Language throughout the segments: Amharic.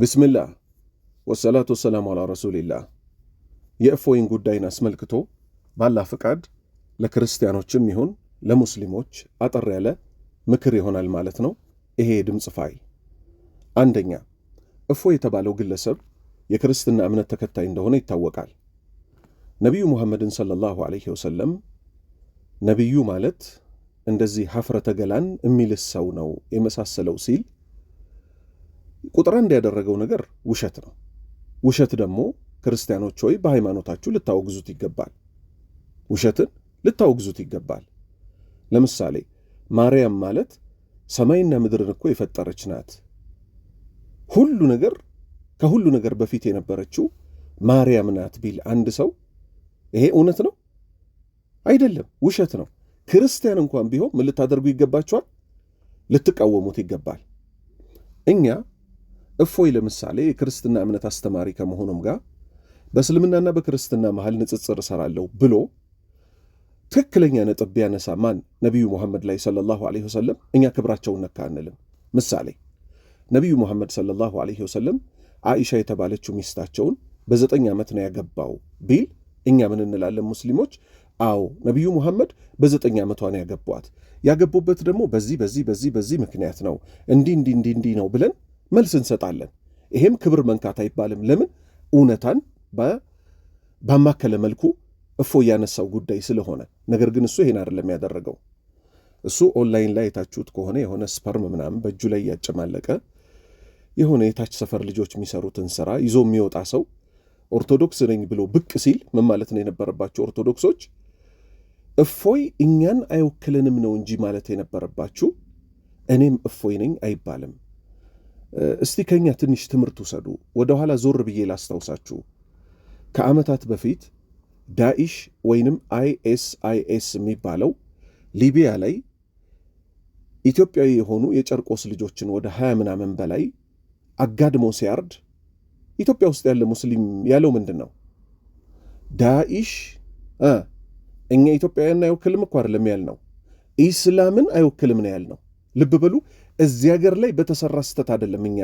ብስምላህ ወሰላቱ ወሰላሙ አላ ረሱሊላህ የእፎይን ጉዳይን አስመልክቶ ባላ ፍቃድ ለክርስቲያኖችም ይሁን ለሙስሊሞች አጠር ያለ ምክር ይሆናል ማለት ነው። ይሄ የድምፅ ፋይል አንደኛ፣ እፎይ የተባለው ግለሰብ የክርስትና እምነት ተከታይ እንደሆነ ይታወቃል። ነቢዩ ሙሐመድን ሰለላሁ ዐለይሂ ወሰለም ነቢዩ ማለት እንደዚህ ሀፍረተ ገላን የሚልስ ሰው ነው የመሳሰለው ሲል ቁጥር አንድ ያደረገው ነገር ውሸት ነው። ውሸት ደግሞ ክርስቲያኖች ሆይ በሃይማኖታችሁ ልታወግዙት ይገባል። ውሸትን ልታወግዙት ይገባል። ለምሳሌ ማርያም ማለት ሰማይና ምድርን እኮ የፈጠረች ናት። ሁሉ ነገር ከሁሉ ነገር በፊት የነበረችው ማርያም ናት ቢል አንድ ሰው ይሄ እውነት ነው አይደለም፣ ውሸት ነው። ክርስቲያን እንኳን ቢሆን ምን ልታደርጉ ይገባችኋል? ልትቃወሙት ይገባል። እኛ እፎይ ለምሳሌ የክርስትና እምነት አስተማሪ ከመሆኑም ጋር በእስልምናና በክርስትና መሀል ንጽጽር እሰራለሁ ብሎ ትክክለኛ ነጥብ ቢያነሳ ማን ነቢዩ ሙሐመድ ላይ ሰለላሁ ዐለይሂ ወሰለም እኛ ክብራቸውን ነካ አንልም። ምሳሌ ነቢዩ ሙሐመድ ሰለላሁ ዐለይሂ ወሰለም አኢሻ የተባለችው ሚስታቸውን በዘጠኝ ዓመት ነው ያገባው ቢል እኛ ምን እንላለን ሙስሊሞች? አዎ ነቢዩ ሙሐመድ በዘጠኝ ዓመቷ ነው ያገቧት። ያገቡበት ደግሞ በዚህ በዚህ በዚህ በዚህ ምክንያት ነው እንዲህ እንዲህ እንዲህ እንዲህ ነው ብለን መልስ እንሰጣለን። ይሄም ክብር መንካት አይባልም። ለምን እውነታን ባማከለ መልኩ እፎ እያነሳው ጉዳይ ስለሆነ። ነገር ግን እሱ ይሄን አይደለም ያደረገው። እሱ ኦንላይን ላይ የታችሁት ከሆነ የሆነ ስፐርም ምናምን በእጁ ላይ እያጨማለቀ የሆነ የታች ሰፈር ልጆች የሚሰሩትን ስራ ይዞ የሚወጣ ሰው ኦርቶዶክስ ነኝ ብሎ ብቅ ሲል ምን ማለት ነው የነበረባቸው? ኦርቶዶክሶች እፎይ እኛን አይወክልንም ነው እንጂ ማለት የነበረባችሁ፣ እኔም እፎይ ነኝ አይባልም። እስቲ ከኛ ትንሽ ትምህርት ውሰዱ። ወደ ኋላ ዞር ብዬ ላስታውሳችሁ። ከዓመታት በፊት ዳኢሽ ወይንም አይኤስአይኤስ የሚባለው ሊቢያ ላይ ኢትዮጵያዊ የሆኑ የጨርቆስ ልጆችን ወደ ሀያ ምናምን በላይ አጋድሞ ሲያርድ ኢትዮጵያ ውስጥ ያለ ሙስሊም ያለው ምንድን ነው? ዳኢሽ እኛ ኢትዮጵያውያን አይወክልም እኮ አይደለም ያልነው፣ ኢስላምን አይወክልም ነው ያልነው። ልብ በሉ እዚህ ሀገር ላይ በተሰራ ስህተት አይደለም። እኛ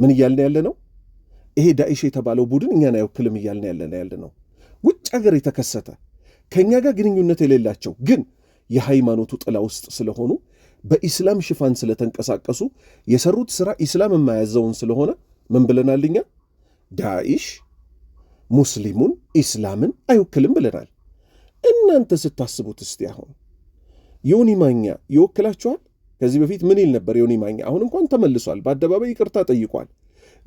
ምን እያልን ያለ ነው? ይሄ ዳኢሽ የተባለው ቡድን እኛን አይወክልም እያልን ያለ ያለ ነው። ውጭ ሀገር የተከሰተ ከእኛ ጋር ግንኙነት የሌላቸው ግን የሃይማኖቱ ጥላ ውስጥ ስለሆኑ በኢስላም ሽፋን ስለተንቀሳቀሱ የሰሩት ስራ ኢስላም የማያዘውን ስለሆነ ምን ብለናል እኛ? ዳኢሽ ሙስሊሙን ኢስላምን አይወክልም ብለናል። እናንተ ስታስቡት እስቲ አሁን ዮኒ ማኛ ይወክላችኋል? ከዚህ በፊት ምን ይል ነበር ዮኒ ማኛ? አሁን እንኳን ተመልሷል፣ በአደባባይ ይቅርታ ጠይቋል።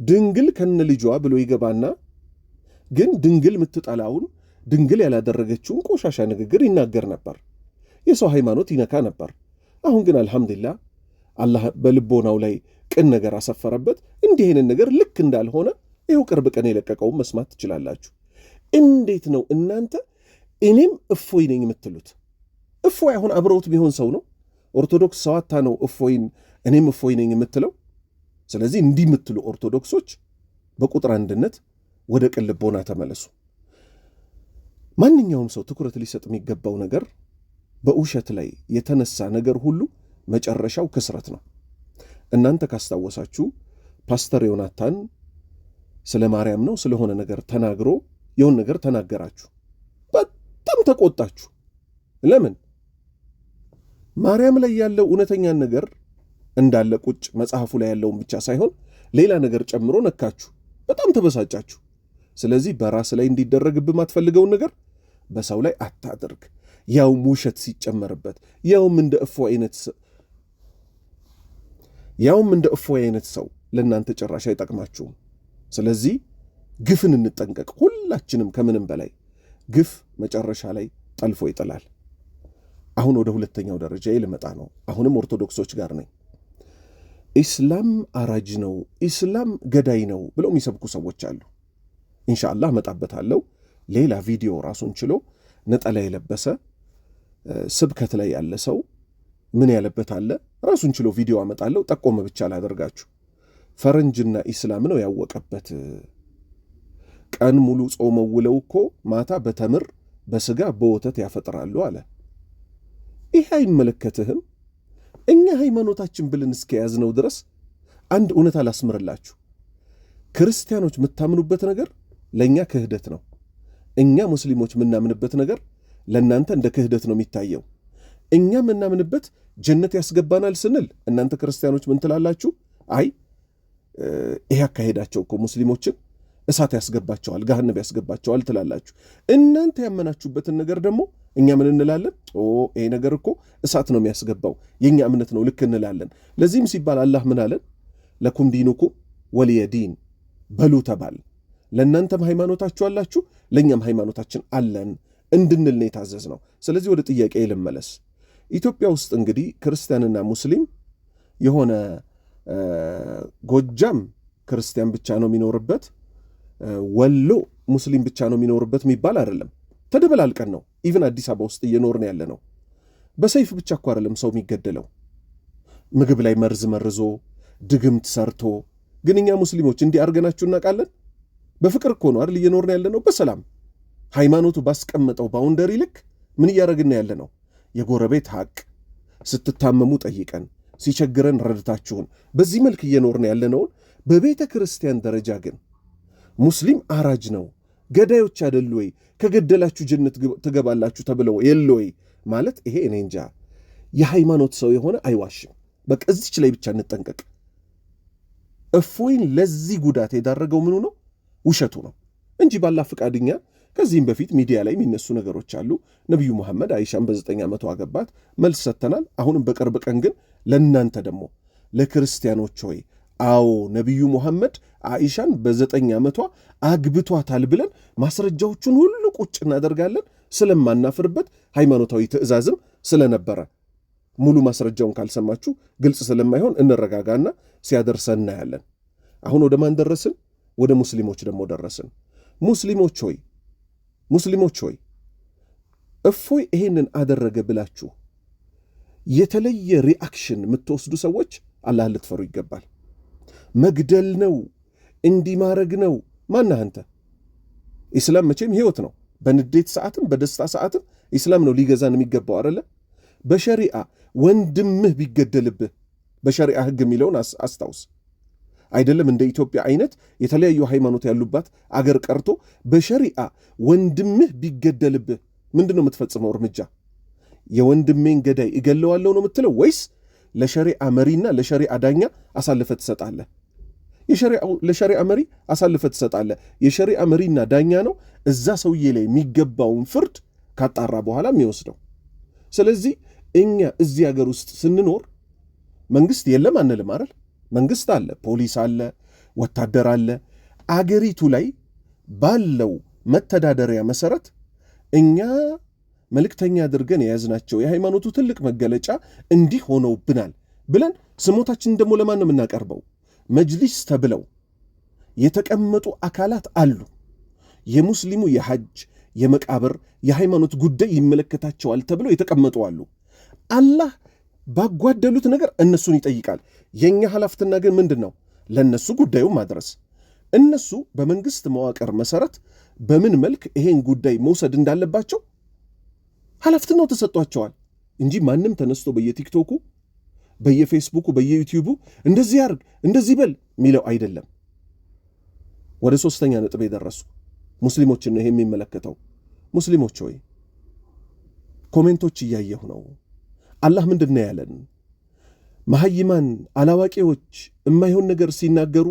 ድንግል ከነ ልጇ ብሎ ይገባና ግን ድንግል ምትጠላውን ድንግል ያላደረገችውን ቆሻሻ ንግግር ይናገር ነበር። የሰው ሃይማኖት ይነካ ነበር። አሁን ግን አልሐምዱላ አላህ በልቦናው ላይ ቅን ነገር አሰፈረበት። እንዲህ አይነት ነገር ልክ እንዳልሆነ ይኸው ቅርብ ቀን የለቀቀውን መስማት ትችላላችሁ። እንዴት ነው እናንተ እኔም እፎይ ነኝ የምትሉት? እፎይ አሁን አብረውት ቢሆን ሰው ነው ኦርቶዶክስ ሰዋታ ነው እፎይን እኔም እፎይ ነኝ የምትለው። ስለዚህ እንዲህ የምትሉ ኦርቶዶክሶች በቁጥር አንድነት ወደ ቅን ልቦና ተመለሱ። ማንኛውም ሰው ትኩረት ሊሰጥ የሚገባው ነገር በውሸት ላይ የተነሳ ነገር ሁሉ መጨረሻው ክስረት ነው። እናንተ ካስታወሳችሁ ፓስተር ዮናታን ስለ ማርያም ነው ስለሆነ ነገር ተናግሮ የሆን ነገር ተናገራችሁ፣ በጣም ተቆጣችሁ። ለምን ማርያም ላይ ያለው እውነተኛን ነገር እንዳለ ቁጭ መጽሐፉ ላይ ያለውን ብቻ ሳይሆን ሌላ ነገር ጨምሮ ነካችሁ፣ በጣም ተበሳጫችሁ። ስለዚህ በራስ ላይ እንዲደረግ የማትፈልገውን ነገር በሰው ላይ አታድርግ፣ ያውም ውሸት ሲጨመርበት፣ ያውም እንደ እፎ አይነት ያውም እንደ እፎ አይነት ሰው ለእናንተ ጭራሽ አይጠቅማችሁም። ስለዚህ ግፍን እንጠንቀቅ ሁላችንም። ከምንም በላይ ግፍ መጨረሻ ላይ ጠልፎ ይጥላል። አሁን ወደ ሁለተኛው ደረጃ ልመጣ ነው። አሁንም ኦርቶዶክሶች ጋር ነኝ። ኢስላም አራጅ ነው፣ ኢስላም ገዳይ ነው ብለው የሚሰብኩ ሰዎች አሉ። ኢንሻላ እመጣበታለሁ። ሌላ ቪዲዮ ራሱን ችሎ ነጠላ የለበሰ ስብከት ላይ ያለ ሰው ምን ያለበት አለ ራሱን ችሎ ቪዲዮ አመጣለሁ። ጠቆመ ብቻ ላደርጋችሁ። ፈረንጅና ኢስላም ነው ያወቀበት። ቀን ሙሉ ጾመው ውለው እኮ ማታ በተምር በስጋ በወተት ያፈጥራሉ አለ። ይህ አይመለከትህም። እኛ ሃይማኖታችን ብለን እስከያዝነው ድረስ አንድ እውነት አላስምርላችሁ። ክርስቲያኖች የምታምኑበት ነገር ለእኛ ክህደት ነው። እኛ ሙስሊሞች የምናምንበት ነገር ለእናንተ እንደ ክህደት ነው የሚታየው። እኛ የምናምንበት ጀነት ያስገባናል ስንል እናንተ ክርስቲያኖች ምን ትላላችሁ? አይ ይሄ አካሄዳቸው እኮ ሙስሊሞችን እሳት ያስገባቸዋል፣ ገሃነብ ያስገባቸዋል ትላላችሁ። እናንተ ያመናችሁበትን ነገር ደግሞ እኛ ምን እንላለን? ኦ ይሄ ነገር እኮ እሳት ነው የሚያስገባው፣ የእኛ እምነት ነው ልክ እንላለን። ለዚህም ሲባል አላህ ምን አለን? ለኩም ዲኑኩም ወልየ ዲን በሉ ተባል። ለእናንተም ሃይማኖታችሁ አላችሁ፣ ለእኛም ሃይማኖታችን አለን እንድንል ነው የታዘዝ ነው። ስለዚህ ወደ ጥያቄ ልመለስ። ኢትዮጵያ ውስጥ እንግዲህ ክርስቲያንና ሙስሊም የሆነ ጎጃም ክርስቲያን ብቻ ነው የሚኖርበት፣ ወሎ ሙስሊም ብቻ ነው የሚኖርበት የሚባል አይደለም። ተደበላልቀን ነው ኢቨን አዲስ አበባ ውስጥ እየኖርን ያለ ነው። በሰይፍ ብቻ እኮ አይደለም ሰው የሚገደለው ምግብ ላይ መርዝ መርዞ ድግምት ሰርቶ። ግን እኛ ሙስሊሞች እንዲህ አድርገናችሁ እናውቃለን? በፍቅር እኮ ነው አይደል እየኖርን ያለ ነው። በሰላም ሃይማኖቱ ባስቀመጠው ባውንደሪ ልክ ምን እያደረግን ያለ ነው? የጎረቤት ሐቅ ስትታመሙ ጠይቀን፣ ሲቸግረን ረድታችሁን፣ በዚህ መልክ እየኖርን ያለነውን በቤተ ክርስቲያን ደረጃ ግን ሙስሊም አራጅ ነው ገዳዮች አደሉ ወይ? ከገደላችሁ ጀነት ትገባላችሁ ተብለው የለ ወይ? ማለት ይሄ እኔ እንጃ። የሃይማኖት ሰው የሆነ አይዋሽም። በቃ እዚች ላይ ብቻ እንጠንቀቅ። እፎይን ለዚህ ጉዳት የዳረገው ምኑ ነው? ውሸቱ ነው እንጂ ባላ ፍቃድኛ ከዚህም በፊት ሚዲያ ላይ የሚነሱ ነገሮች አሉ። ነቢዩ መሐመድ አይሻን በዘጠኝ ዓመቱ አገባት፣ መልስ ሰጥተናል። አሁንም በቅርብ ቀን ግን ለእናንተ ደግሞ ለክርስቲያኖች ሆይ አዎ ነቢዩ ሙሐመድ አኢሻን በዘጠኝ ዓመቷ አግብቷታል ብለን ማስረጃዎቹን ሁሉ ቁጭ እናደርጋለን ስለማናፍርበት ሃይማኖታዊ ትእዛዝም ስለነበረ ሙሉ ማስረጃውን ካልሰማችሁ ግልጽ ስለማይሆን እንረጋጋና ሲያደርሰን እናያለን። አሁን ወደ ማን ደረስን? ወደ ሙስሊሞች ደግሞ ደረስን። ሙስሊሞች ሆይ ሙስሊሞች ሆይ እፎይ ይሄንን አደረገ ብላችሁ የተለየ ሪአክሽን የምትወስዱ ሰዎች አላህን ልትፈሩ ይገባል። መግደል ነው፣ እንዲህ ነው። ማነህ አንተ? ኢስላም መቼም ህይወት ነው። በንዴት ሰዓትም በደስታ ሰዓትም ኢስላም ነው ሊገዛን የሚገባው አይደለ? በሸሪዓ ወንድምህ ቢገደልብህ በሸሪዓ ህግ የሚለውን አስታውስ። አይደለም እንደ ኢትዮጵያ አይነት የተለያዩ ሃይማኖት ያሉባት አገር ቀርቶ በሸሪዓ ወንድምህ ቢገደልብህ ምንድን ነው የምትፈጽመው እርምጃ? የወንድሜን ገዳይ እገለዋለሁ ነው የምትለው ወይስ ለሸሪዓ መሪና ለሸሪዓ ዳኛ አሳልፈ ትሰጣለህ? ለሸሪዓ መሪ አሳልፈ ትሰጣለ። የሸሪዓ መሪና ዳኛ ነው እዛ ሰውዬ ላይ የሚገባውን ፍርድ ካጣራ በኋላ የሚወስደው። ስለዚህ እኛ እዚህ ሀገር ውስጥ ስንኖር መንግስት የለም አንልም አይደል? መንግስት አለ፣ ፖሊስ አለ፣ ወታደር አለ። አገሪቱ ላይ ባለው መተዳደሪያ መሰረት እኛ መልእክተኛ አድርገን የያዝናቸው የሃይማኖቱ ትልቅ መገለጫ እንዲህ ሆነውብናል ብለን ስሞታችንን ደግሞ ለማን ነው የምናቀርበው? መጅሊስ ተብለው የተቀመጡ አካላት አሉ። የሙስሊሙ የሐጅ፣ የመቃብር፣ የሃይማኖት ጉዳይ ይመለከታቸዋል ተብለው የተቀመጡ አሉ። አላህ ባጓደሉት ነገር እነሱን ይጠይቃል። የእኛ ኃላፍትና ግን ምንድን ነው? ለእነሱ ጉዳዩ ማድረስ። እነሱ በመንግሥት መዋቅር መሠረት በምን መልክ ይሄን ጉዳይ መውሰድ እንዳለባቸው ኃላፍትናው ተሰጥቷቸዋል እንጂ ማንም ተነስቶ በየቲክቶኩ በየፌስቡኩ በየዩቲዩቡ እንደዚህ ያርግ እንደዚህ በል የሚለው አይደለም። ወደ ሶስተኛ ነጥብ የደረሱ ሙስሊሞችን ነው ይሄ የሚመለከተው። ሙስሊሞች ሆይ ኮሜንቶች እያየሁ ነው። አላህ ምንድን ነው ያለን? መሐይማን አላዋቂዎች የማይሆን ነገር ሲናገሩ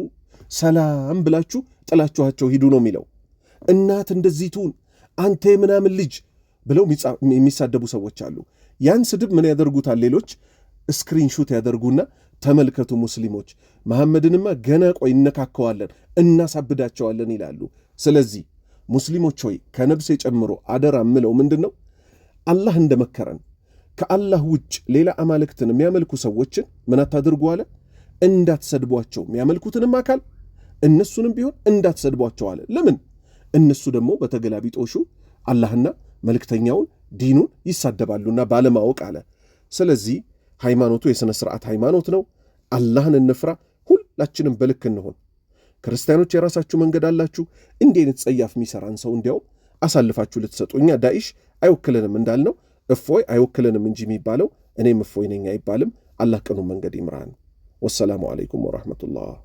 ሰላም ብላችሁ ጥላችኋቸው ሂዱ ነው የሚለው። እናት እንደዚህ ትሁን አንተ ምናምን ልጅ ብለው የሚሳደቡ ሰዎች አሉ። ያን ስድብ ምን ያደርጉታል ሌሎች ስክሪንሹት ያደርጉና ተመልከቱ ሙስሊሞች መሐመድንማ ገና ቆይ እነካከዋለን እናሳብዳቸዋለን ይላሉ። ስለዚህ ሙስሊሞች ሆይ ከነብሴ ጨምሮ አደራ ምለው ምንድን ነው አላህ እንደመከረን ከአላህ ውጭ ሌላ አማልክትን የሚያመልኩ ሰዎችን ምን አታድርጉ አለ እንዳትሰድቧቸው። የሚያመልኩትንም አካል እነሱንም ቢሆን እንዳትሰድቧቸው አለ። ለምን? እነሱ ደግሞ በተገላቢጦሹ አላህና መልእክተኛውን ዲኑን ይሳደባሉና ባለማወቅ አለ። ስለዚህ ሃይማኖቱ የሥነ ሥርዓት ሃይማኖት ነው። አላህን እንፍራ። ሁላችንም በልክ እንሆን። ክርስቲያኖች የራሳችሁ መንገድ አላችሁ። እንዲህ አይነት ጸያፍ የሚሰራን ሰው እንዲያውም አሳልፋችሁ ልትሰጡ እኛ ዳኢሽ አይወክልንም እንዳልነው እፎይ አይወክልንም እንጂ የሚባለው እኔም እፎይ ነኝ አይባልም። አላህ ቀኑን መንገድ ይምራን። ወሰላሙ አለይኩም ወራህመቱላህ